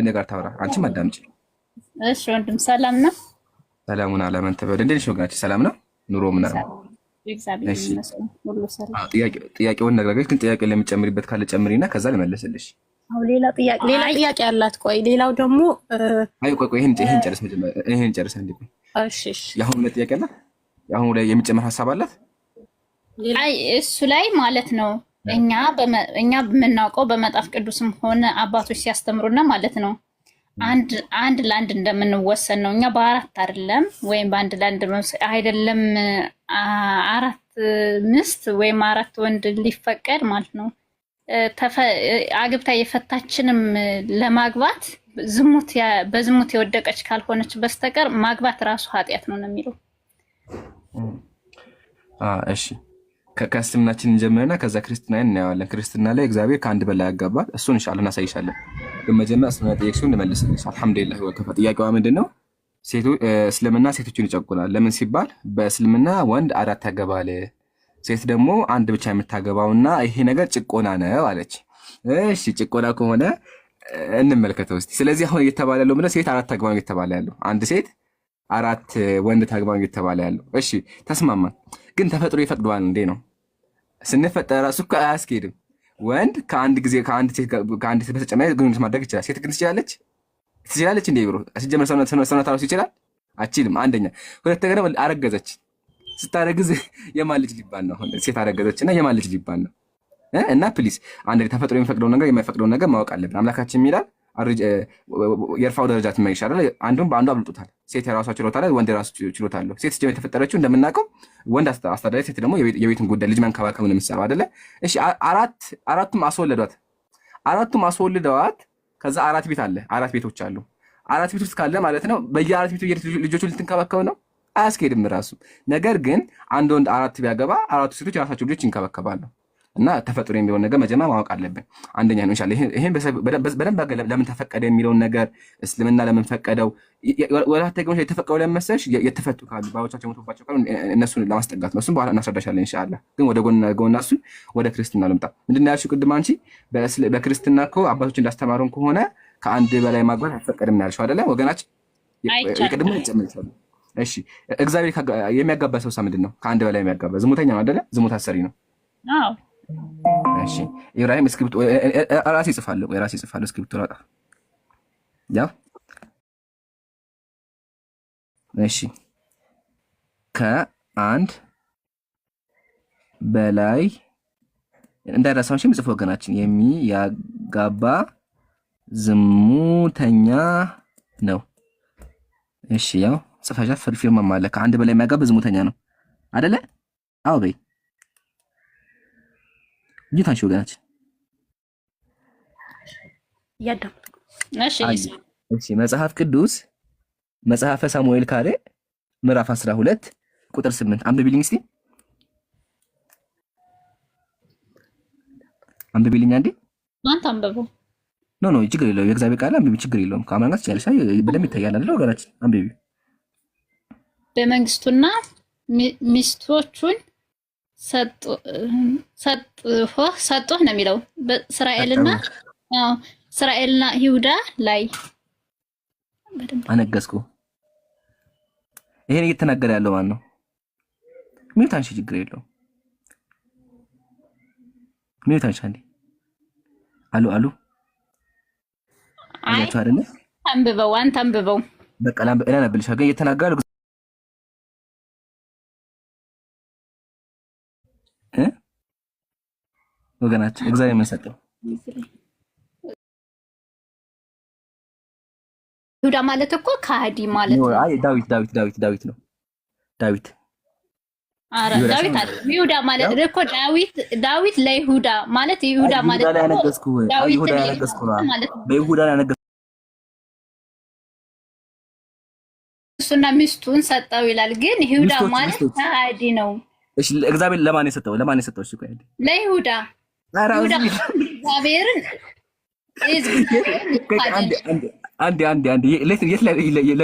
እኔ ጋር ታውራ፣ አንቺም አዳምጪ። እሺ ወንድም ሰላም ነው? ሰላሙን አላመን ተበል። እንዴት ነሽ ወገናችን? ሰላም ነው ኑሮ ምናምን ጥያቄውን ነግራገች፣ ግን ጥያቄ ለሚጨምሪበት ካለ ጨምሪና እና ከዛ ልመለስልሽ። ሌላ ጥያቄ አላት። ቆይ ሌላው ደግሞ አይ ቆይ ቆይ ይሄን ጨርስ መጀመሪያ ይሄን ጨርስ አንዴ። እሺ እሺ። የአሁኑ ላይ ጥያቄ አላት። የአሁኑ ላይ የሚጨምር ሀሳብ አላት። አይ እሱ ላይ ማለት ነው እኛ እኛ የምናውቀው በመጽሐፍ ቅዱስም ሆነ አባቶች ሲያስተምሩና ማለት ነው አንድ ለአንድ እንደምንወሰን ነው። እኛ በአራት አይደለም ወይም በአንድ ለአንድ አይደለም አራት ምስት ወይም አራት ወንድ ሊፈቀድ ማለት ነው። አግብታ የፈታችንም ለማግባት ዝሙት በዝሙት የወደቀች ካልሆነች በስተቀር ማግባት ራሱ ኃጢአት ነው ነው የሚለው እሺ ከእስልምናችን እንጀምርና ከዛ ክርስትና እናየዋለን። ክርስትና ላይ እግዚአብሔር ከአንድ በላይ ያጋባል። እሱን ኢንሻላህ እናሳይሻለን። ግን መጀመሪያ እስልምና ጠየቅሽውን ልመልስልሽ። አልሐምዱሊላህ ወከፋ። ጥያቄዋ ምንድን ነው? እስልምና ሴቶችን ይጨቁናል። ለምን ሲባል በእስልምና ወንድ አራት ያገባል፣ ሴት ደግሞ አንድ ብቻ የምታገባውና ይሄ ነገር ጭቆና ነው አለች። እሺ ጭቆና ከሆነ እንመልከተው እስኪ። ስለዚህ አሁን እየተባለ ያለው ሴት አራት ታግባ ነው እየተባለ ያለው አንድ ሴት አራት ወንድ ታግባ እየተባለ ያለው እሺ፣ ተስማማን። ግን ተፈጥሮ ይፈቅደዋል እንዴ ነው ስንፈጠር ራሱ እኮ አያስኬድም። ወንድ ከአንድ ጊዜ ከአንድ ሴት ከአንድ ሴት በተጨማሪ ግንኙነት ማድረግ ይችላል። ሴት ግን ትችላለች ትችላለች እንዴ ብሮ ሲጀመር ሰውነታ ራሱ ይችላል አችልም። አንደኛ፣ ሁለተኛ ደግሞ አረገዘች። ስታረግዝ የማን ልጅ ሊባል ነው? ሴት አረገዘች እና የማን ልጅ ሊባል ነው? እና ፕሊስ አንድ ተፈጥሮ የሚፈቅደውን ነገር የማይፈቅደውን ነገር ማወቅ አለብን። አምላካችን የሚላል የእርፋው ደረጃ ትመይሻለ አንዱም በአንዱ አብልጡታል። ሴት የራሷ ችሎታ ላይ ወንድ የራሱ ችሎታ አለው። ሴት ስጀም የተፈጠረችው እንደምናውቀው ወንድ አስተዳዳሪ፣ ሴት ደግሞ የቤቱን ጉዳይ ልጅ መንከባከብ ነው የሚሰራው አደለ? እሺ አራቱም አስወለዷት። አራቱም አስወልደዋት። ከዛ አራት ቤት አለ፣ አራት ቤቶች አሉ። አራት ቤት ውስጥ ካለ ማለት ነው በየአራት ቤቱ ልጆቹ ልትንከባከብ ነው አያስኬድም ራሱ። ነገር ግን አንድ ወንድ አራት ቢያገባ አራቱ ሴቶች የራሳቸው ልጆች ይንከባከባሉ። እና ተፈጥሮ የሚለውን ነገር መጀመር ማወቅ አለብን። አንደኛ ነው ይሻል። ይሄን በደንብ ለምን ተፈቀደ የሚለውን ነገር እስልምና ለምን ፈቀደው፣ ወላተገ የተፈቀደው ለመሰሽ የተፈቱ ካሉ ባዎቻቸው የሞቱባቸው ካሉ እነሱን ለማስጠጋት ነው። እሱም በኋላ እናስረዳሻለን እንሻላ። ግን ወደ ጎና እሱን ወደ ክርስትና ልምጣ። ምንድን ያልሽው ቅድም አንቺ በክርስትና እኮ አባቶች እንዳስተማሩን ከሆነ ከአንድ በላይ ማግባት አይፈቀድም ያልሽው አደለ? ወገናችን ቅድሞ ይጨምር ይችላሉ። እሺ እግዚአብሔር የሚያጋባ ሰውሳ ምንድን ነው? ከአንድ በላይ የሚያጋባ ዝሙተኛ ነው አደለ? ዝሙት አሰሪ ነው። እሺ ኢብራሂም እስክሪፕቶ ራሴ እጽፋለሁ ራሴ እጽፋለሁ። እስክሪፕቶ ላውጣ። ያው እሺ ከአንድ በላይ እንዳይረሳውን የምጽፍ ወገናችን የሚያጋባ ዝሙተኛ ነው። እሺ ያው ጽፈሻ ፍርፊርማ ማለ ከአንድ በላይ የሚያጋባ ዝሙተኛ ነው አደለ? አዎ በይ ጌታቸው ጋር እሺ መጽሐፍ ቅዱስ መጽሐፈ ሳሙኤል ካሬ ምዕራፍ 12 ቁጥር 8 አንብቢልኝ እስቲ አንብቢልኝ አንዴ። አንተ አንብበው። ኖ ኖ ችግር የለውም የእግዚአብሔር ቃል አንብቢ፣ ችግር የለውም። ከአማርኛ ትችያለሽ፣ በደምብ ይታያል አይደል? ወገናችን አንብቢ። በመንግስቱና ሚስቶቹን ሰጦህ ነው የሚለው በእስራኤልና እስራኤልና ይሁዳ ላይ አነገስኩ። ይሄን እየተናገረ ያለው ማን ነው? ሚዩት አንሺ፣ ችግር የለው ሚዩት አንሺ። አንዴ አሉ አሉ አይ አንብበው፣ አንተ አንብበው። በቃ ላንብ እላና ብልሻ ግን እየተናገረ ወገናችን እግዚአብሔር ይመስገን። ይሁዳ ማለት እኮ ከሃዲ ማለት ነው። ዳዊት ዳዊት ዳዊት ዳዊት ነው። ዳዊት ይሁዳ ማለት እኮ ዳዊት ዳዊት ለይሁዳ ማለት ይሁዳ ማለት ይሁዳ ያነገስኩ ነው። በይሁዳ ያነገስኩ እሱና ሚስቱን ሰጠው ይላል። ግን ይሁዳ ማለት ከሃዲ ነው። እሺ እግዚአብሔር ለማን የሰጠው ለማን የሰጠው? እሺ ለይሁዳ እግዚአብሔርን የት ላይ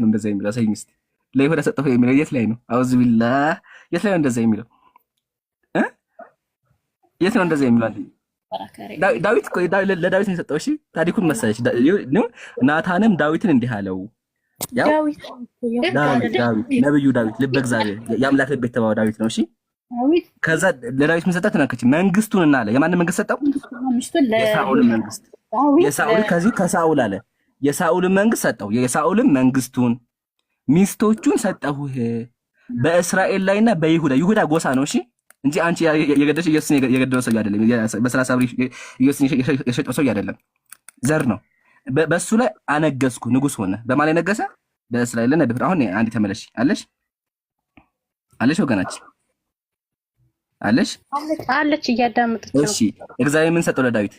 ነው እንደዛ የሚለው? የት ነው? እንደዛ የሚለው? ዳዊት ለዳዊት የሰጠው። እሺ ታሪኩን መሰለች። ናታንም ዳዊትን እንዲህ አለው ነብዩ ዳዊት ልበ እግዚአብሔር የአምላክ ልብ የተባለው ዳዊት ነው። እሺ ከዛ ለዳዊት ምን ሰጣት? ተናከች መንግስቱን እና አለ። የማንን መንግስት ሰጠው? የሳኦል መንግስት። የሳኦል ከዚህ ከሳኦል አለ የሳኦልን መንግስት ሰጠው። የሳኦልን መንግስቱን ሚስቶቹን ሰጠሁህ በእስራኤል ላይና በይሁዳ ይሁዳ ጎሳ ነው እሺ፣ እንጂ አንቺ የገደልሽ ኢየሱስን የገደለው ሰው አይደለም። በሰላሳ ብር ኢየሱስን የሸጠው ሰው አይደለም። ዘር ነው። በእሱ ላይ አነገስኩ፣ ንጉስ ሆነ። በማን ላይ ነገሰ? በእስራኤል ላይ። አሁን አንዴ ተመለሽ አለሽ አለሽ ወገናችን አለሽ አለች እያዳመጠች እሺ እግዚአብሔር ምን ሰጠው ለዳዊት?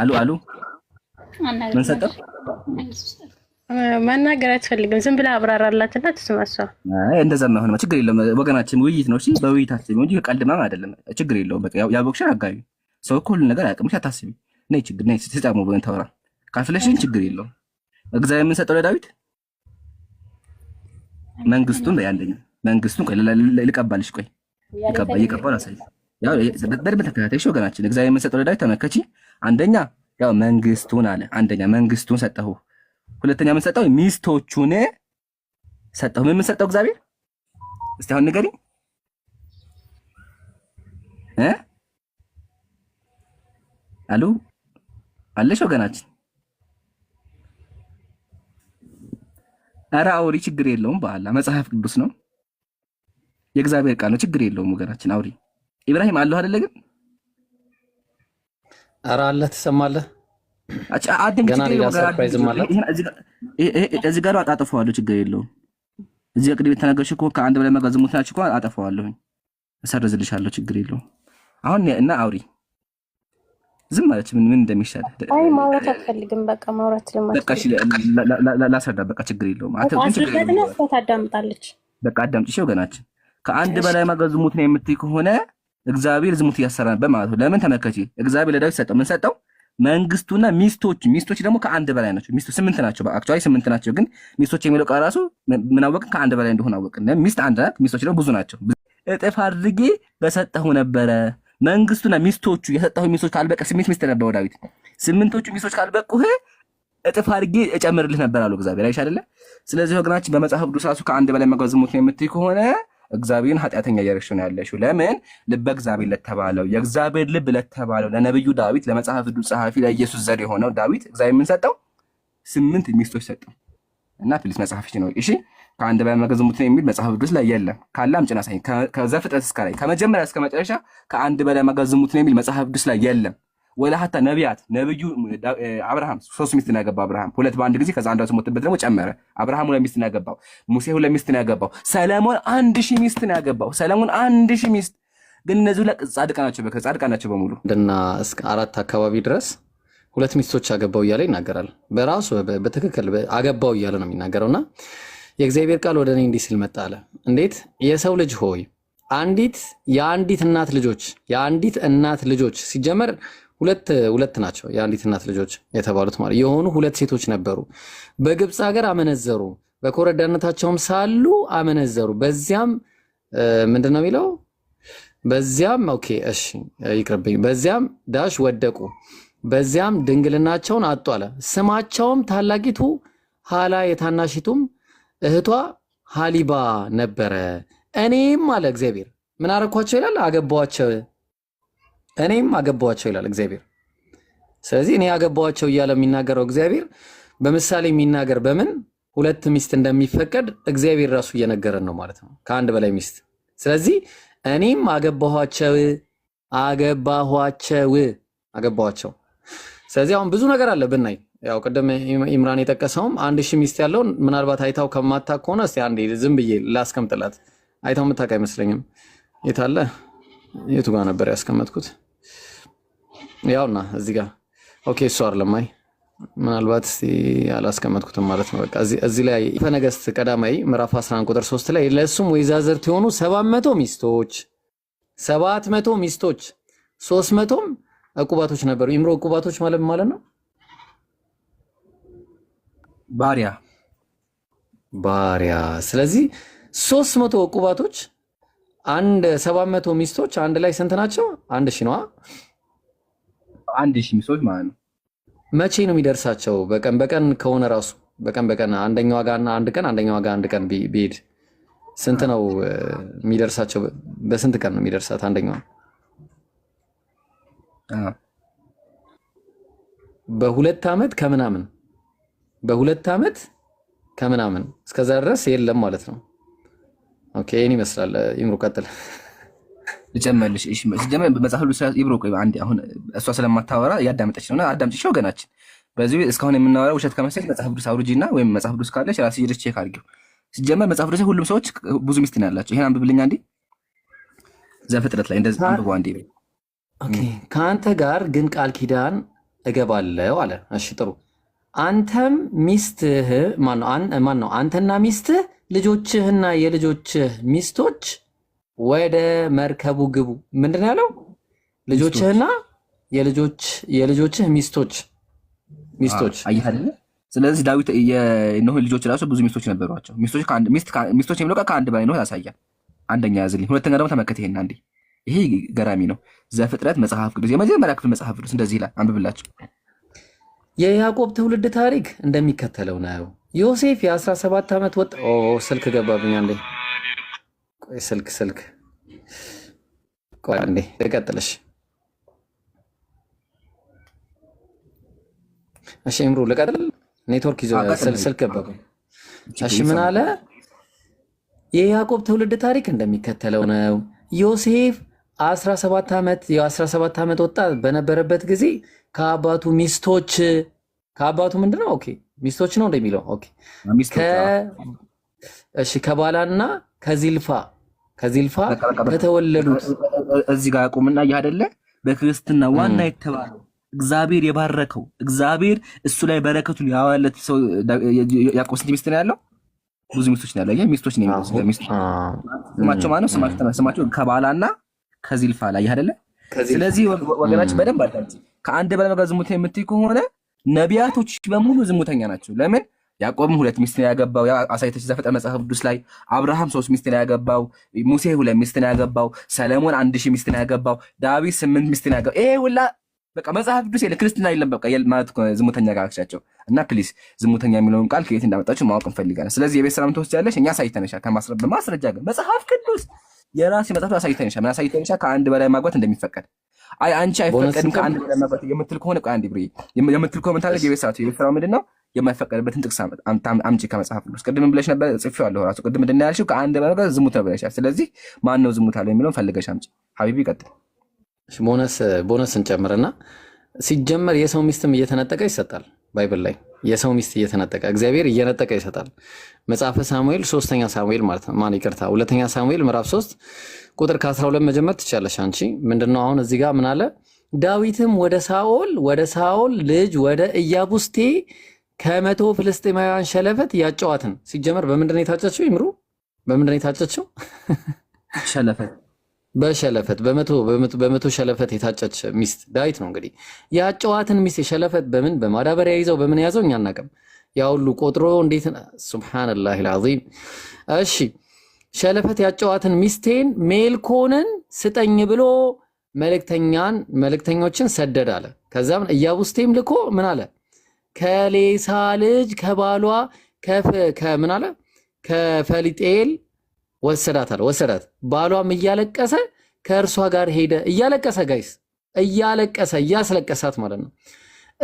አሉ አሉ ምን ሰጠው? መናገር አትፈልግም። ዝም ብላ አብራራላትና ትስማሷ። አይ እንደዛ ማይሆን ችግር የለውም ወገናችን፣ ውይይት ነው። እሺ በውይይት ነው እንጂ ቀልድ ምናምን አይደለም። ችግር የለውም። በቃ ያቦክሽን አጋቢ ሰው እኮ ሁሉ ነገር አያውቅም። አታስቢ። ነይ ችግር ነይ ተጫሙ ብለን ታወራ ካልፈለሽን ችግር የለውም። እግዚአብሔር ምን ሰጠው ለዳዊት መንግስቱን በአንደኛ መንግስቱን ልቀባልሽ፣ ቆይ እየቀባሁ ላሳይሽ። በደንብ ተከታተይሽ ወገናችን። እግዚአብሔር የምንሰጠው ረዳጅ ተመከቺ። አንደኛ ያው መንግስቱን አለ። አንደኛ መንግስቱን ሰጠሁ። ሁለተኛ ምን ሰጠው? ሚስቶቹን ሰጠሁ። ምን ምን ሰጠው እግዚአብሔር? እስቲ አሁን ንገሪኝ እ አሉ አለሽ ወገናችን ኧረ አውሪ፣ ችግር የለውም በኋላ መጽሐፍ ቅዱስ ነው የእግዚአብሔር ቃል ነው፣ ችግር የለውም ወገናችን። አውሪ ኢብራሂም አለሁ አይደለ ግን ኧረ አለ ትሰማለህ። እዚህ ጋር አጣጥፈዋለሁ፣ ችግር የለውም። እዚህ ቅድም የተናገርሽ እኮ ከአንድ በላይ መጋዘሙት ናችሁ እኮ አጠፈዋለሁኝ፣ እሰርዝልሻለሁ፣ ችግር የለውም። አሁን እና አውሪ ዝም ማለች ምን ምን እንደሚሻል አይ ማውራት አትፈልግም። በቃ ማውራት ልማት በቃ እሺ፣ ላስረዳ በቃ ችግር የለውም። አዳምጣለች። በቃ አዳምጪ። እሺ ወገናችን፣ ከአንድ በላይ ማገዝ ዝሙት ነው የምትይ ከሆነ እግዚአብሔር ዝሙት እያሰራ ነበር ማለት ነው። ለምን ተመከቺ፣ እግዚአብሔር ለዳዊት ሰጠው ምን ሰጠው? መንግስቱና ሚስቶች። ሚስቶች ደግሞ ከአንድ በላይ ናቸው። ሚስቶች ስምንት ናቸው፣ አክቹዋሊ ስምንት ናቸው። ግን ሚስቶች የሚለው ቃል ራሱ ምን አወቅን? ከአንድ በላይ እንደሆነ አወቅን። ሚስት አንድ ናት፣ ሚስቶች ደግሞ ብዙ ናቸው። እጥፍ አድርጌ በሰጠሁ ነበረ መንግስቱና ሚስቶቹ የሰጠሁ ሚስቶች ካልበቀ ስሜት ሚስት ነበረው ዳዊት። ስምንቶቹ ሚስቶች ካልበቁህ እጥፍ አድርጌ እጨምርልህ ነበር አሉ እግዚአብሔር። አይሽ አይደለ? ስለዚህ ወገናችን በመጽሐፍ ቅዱስ ራሱ ከአንድ በላይ መግባት ነው የምትይ ከሆነ እግዚአብሔርን ኃጢአተኛ እያደረግሽ ነው ያለሽው። ለምን ልበ እግዚአብሔር ለተባለው የእግዚአብሔር ልብ ለተባለው ለነብዩ ዳዊት ለመጽሐፍ ቅዱስ ጸሐፊ ለኢየሱስ ዘር የሆነው ዳዊት እግዚአብሔር የምንሰጠው ስምንት ሚስቶች ሰጠው እና ፕሊስ መጽሐፍ ነው እሺ ከአንድ በላይ መከ ነው የሚል መጽሐፍ ቅዱስ ላይ የለም። ካለ አምጪና ሳይኝ ከዘፍጥረት እስከ ላይ ከመጀመሪያ እስከ መጨረሻ ከአንድ በላይ መከ ነው የሚል መጽሐፍ ቅዱስ ላይ የለም። ወላ ሀታ ነቢያት ነብዩ አብርሃም ሶስት ሚስት ነው ያገባው። አብርሃም ሁለት በአንድ ጊዜ ከዛ አንዷ ስትሞትበት ደግሞ ጨመረ። አብርሃም ሁለት ሚስት ነው ያገባው። ሙሴ ሁለት ሚስት ነው ያገባው። ሰለሞን አንድ ሺህ ሚስት ነው ያገባው። ሰለሞን አንድ ሺህ ሚስት ግን እነዚህ ሁላ ጻድቃ ናቸው፣ በከ ጻድቃ ናቸው በሙሉ እና እስከ አራት አካባቢ ድረስ ሁለት ሚስቶች አገባው እያለ ይናገራል። በራሱ በትክክል አገባው እያለ ነው የሚናገረውና የእግዚአብሔር ቃል ወደ እኔ እንዲህ ሲል መጣ አለ። እንዴት የሰው ልጅ ሆይ አንዲት የአንዲት እናት ልጆች የአንዲት እናት ልጆች ሲጀመር ሁለት ሁለት ናቸው። የአንዲት እናት ልጆች የተባሉት ማለት የሆኑ ሁለት ሴቶች ነበሩ። በግብፅ ሀገር አመነዘሩ፣ በኮረዳነታቸውም ሳሉ አመነዘሩ። በዚያም ምንድን ነው የሚለው? በዚያም ኦኬ፣ እሺ ይቅርብኝ። በዚያም ዳሽ ወደቁ፣ በዚያም ድንግልናቸውን አጡ አለ። ስማቸውም ታላቂቱ ኋላ የታናሺቱም እህቷ ሀሊባ ነበረ። እኔም አለ እግዚአብሔር ምን አረኳቸው ይላል አገባቸው። እኔም አገባቸው ይላል እግዚአብሔር። ስለዚህ እኔ አገባቸው እያለ የሚናገረው እግዚአብሔር በምሳሌ የሚናገር በምን ሁለት ሚስት እንደሚፈቀድ እግዚአብሔር ራሱ እየነገረን ነው ማለት ነው፣ ከአንድ በላይ ሚስት። ስለዚህ እኔም አገባኋቸው አገባኋቸው አገባኋቸው። ስለዚህ አሁን ብዙ ነገር አለ ብናይ ያው ቅድም ኢምራን የጠቀሰውም አንድ ሺህ ሚስት ያለውን ምናልባት አይታው ከማታውቅ ከሆነ እስኪ አንዴ ዝም ብዬ ላስቀምጥላት። አይታው የምታውቅ አይመስለኝም። የታለ? የቱ ጋር ነበር ያስቀመጥኩት? ያውና እዚህ ጋር። ኦኬ እሱ አይደለም። አይ ምናልባት አላስቀመጥኩትም ማለት ነው። በቃ እዚህ ላይ ነገሥት ቀዳማዊ ምዕራፍ 11 ቁጥር 3 ላይ ለእሱም ወይዛዝርት የሆኑ 700 ሚስቶች 700 ሚስቶች 300ም ዕቁባቶች ነበሩ። ኢምሮ ዕቁባቶች ማለት ማለት ነው ባሪያ ባሪያ። ስለዚህ ሶስት መቶ ቁባቶች አንድ ሰባት መቶ ሚስቶች አንድ ላይ ስንት ናቸው? አንድ ሺ ነዋ። አንድ ሺ ሚስቶች ማለት ነው። መቼ ነው የሚደርሳቸው? በቀን በቀን ከሆነ ራሱ በቀን በቀን አንደኛዋ ጋ አንድ ቀን አንደኛዋ ጋር አንድ ቀን ቢሄድ ስንት ነው የሚደርሳቸው? በስንት ቀን ነው የሚደርሳት አንደኛዋ? በሁለት ዓመት ከምናምን በሁለት ዓመት ከምናምን እስከዛ ድረስ የለም ማለት ነው። ኦኬ ይህን ይመስላል። ይምሩ ቀጥል። ልጨመልሽ ሲጀመር መጽሐፍ ቅዱስ ይብሮ አንዴ አሁን እሷ ስለማታወራ እያዳመጠች ነው። አዳምጭሽ ወገናችን። በዚህ እስካሁን የምናወራው ውሸት ከመሰል መጽሐፍ ቅዱስ አውርጂ እና ወይም መጽሐፍ ቅዱስ ካለሽ ራስሽ ሄደሽ ቼክ አድርጊው። ሲጀመር መጽሐፍ ቅዱስ ሁሉም ሰዎች ብዙ ሚስት ነው ያላቸው። ይሄን አንብብልኛ እንዴ ዘፍጥረት ላይ እንደዚህ አንብቦ አንዴ ከአንተ ጋር ግን ቃል ኪዳን እገባለው አለ። እሺ ጥሩ አንተም ሚስትህ ማን ነው? አንተና ሚስትህ ልጆችህና የልጆችህ ሚስቶች ወደ መርከቡ ግቡ። ምንድን ነው ያለው? ልጆችህና የልጆችህ ሚስቶች ሚስቶች። ስለዚህ ዳዊት የኖህ ልጆች ራሱ ብዙ ሚስቶች ነበሯቸው። ሚስቶች የሚለው ከአንድ በላይ ነው ያሳያል። አንደኛ ያዝልኝ፣ ሁለተኛ ደግሞ ተመከት ይሄን አንዴ። ይሄ ገራሚ ነው። ዘፍጥረት መጽሐፍ ቅዱስ የመጀመሪያ ክፍል መጽሐፍ ቅዱስ እንደዚህ ይላል፣ አንብብላቸው የያዕቆብ ትውልድ ታሪክ እንደሚከተለው ነው። ዮሴፍ የ17 ዓመት ወጥ ስልክ ገባብኛ እንዴ! ቆይ ስልክ ስልክ፣ ቆይ አንዴ ልቀጥልሽ። እሺ እምሩ ልቀጥል፣ ኔትወርክ ይዞ ስልክ ገባብኝ። እሺ ምን አለ? የያዕቆብ ትውልድ ታሪክ እንደሚከተለው ነው። ዮሴፍ 17 ዓመት የ17 ዓመት ወጣት በነበረበት ጊዜ ከአባቱ ሚስቶች ከአባቱ ምንድነው? ኦኬ ሚስቶች ነው እንደሚለው ኦኬ። እሺ ከባላና ከዚልፋ ከዚልፋ ከተወለዱት እዚህ ጋር አቁምና፣ ይህ አይደለ በክርስትና ዋና የተባለው እግዚአብሔር የባረከው እግዚአብሔር እሱ ላይ በረከቱን ያዋለት ሰው ያዕቆብ ስንት ሚስት ነው ያለው? ብዙ ሚስቶች ነው ያለው። ሚስቶች ነው ስማቸው ማነው? ስማቸው ከባላና ከዚልፋ ላይ አይደለ? ስለዚህ ወገናችን በደንብ አዳምጪ። ከአንድ በለ ጋር ዝሙተኛ የምትይ ከሆነ ነቢያቶች በሙሉ ዝሙተኛ ናቸው። ለምን? ያዕቆብም ሁለት ሚስት ሚስትን ያገባው አሳይተች ዘፍጥረት መጽሐፍ ቅዱስ ላይ፣ አብርሃም ሶስት ሚስት ሚስትን ያገባው፣ ሙሴ ሁለት ሚስት ሚስትን ያገባው፣ ሰለሞን አንድ ሺህ ሚስት ሚስትን ያገባው፣ ዳዊት ስምንት ሚስት ሚስትን ያገባው። ይሄ ሁላ በቃ መጽሐፍ ቅዱስ የለ ክርስትና የለም። በቃ ማለት ዝሙተኛ ጋቻቸው እና ፕሊስ ዝሙተኛ የሚለውን ቃል ከየት እንዳመጣችሁ ማወቅ እንፈልጋለን። ስለዚህ የቤት ስራ ምትወስጃለሽ። እኛ ሳይተነሻል ከማስረጃ ጋር መጽሐፍ ቅዱስ የራሴ መጽሐፍ አሳይተንሻል። ምን አሳይተንሻል? ከአንድ በላይ ማግባት እንደሚፈቀድ። አይ አንቺ አይፈቀድም ከአንድ በላይ ማግባት የምትል ከሆነ አንድ ብሬ የምትል ከሆነ ታደርግ ጊቤ ስራ የቤት ስራ ምንድን ነው? የማይፈቀድበትን ጥቅስ አምጪ ከመጽሐፍ ቅዱስ። ቅድም ብለሽ ነበር ጽፌዋለሁ። ራሱ ቅድም ምንድን ነው ያልሽው? ከአንድ በላይ ማግባት ዝሙት ነው ብለሻል። ስለዚህ ማን ነው ዝሙት አለው የሚለውን ፈልገሽ አምጪ። ሀቢቢ ቀጥል። ቦነስ ቦነስ እንጨምርና ሲጀመር የሰው ሚስትም እየተነጠቀ ይሰጣል ባይብል ላይ የሰው ሚስት እየተነጠቀ እግዚአብሔር እየነጠቀ ይሰጣል። መጽሐፈ ሳሙኤል ሶስተኛ ሳሙኤል ማለት ነው። ማን ይቅርታ፣ ሁለተኛ ሳሙኤል ምዕራፍ ሶስት ቁጥር ከአስራ ሁለት መጀመር ትቻለሽ አንቺ። ምንድነው አሁን እዚህ ጋር ምን አለ? ዳዊትም ወደ ሳኦል ወደ ሳኦል ልጅ ወደ ኢያቡስቴ ከመቶ ፍልስጤማውያን ሸለፈት ያጫዋትን ሲጀመር በምንድን ነው የታጨችው? ይምሩ በምንድን የታጨችው ሸለፈት በሸለፈት በመቶ ሸለፈት የታጨች ሚስት ዳዊት ነው እንግዲህ ያጨዋትን ሚስት የሸለፈት በምን በማዳበሪያ ይዘው በምን ያዘው እኛ አናውቅም። ያ ሁሉ ቆጥሮ እንዴት ሱብሃነላሂል አዚም። እሺ ሸለፈት ያጨዋትን ሚስቴን ሜልኮንን ስጠኝ ብሎ መልእክተኛን መልእክተኞችን ሰደድ አለ። ከዛም እያቡስቴም ልኮ ምን አለ ከሌሳ ልጅ ከባሏ ከምን አለ ከፈሊጤል ወሰዳት አለ ወሰዳት። ባሏም እያለቀሰ ከእርሷ ጋር ሄደ። እያለቀሰ ጋይስ እያለቀሰ እያስለቀሳት ማለት ነው።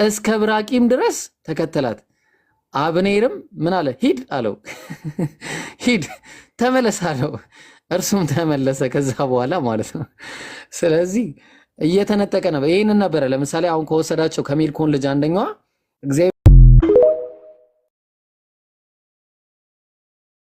እስከ ብራቂም ድረስ ተከተላት። አብኔርም ምን አለ? ሂድ አለው። ሂድ ተመለስ አለው። እርሱም ተመለሰ ከዛ በኋላ ማለት ነው። ስለዚህ እየተነጠቀ ነበር። ይህንን ነበረ ለምሳሌ አሁን ከወሰዳቸው ከሜልኮን ልጅ አንደኛዋ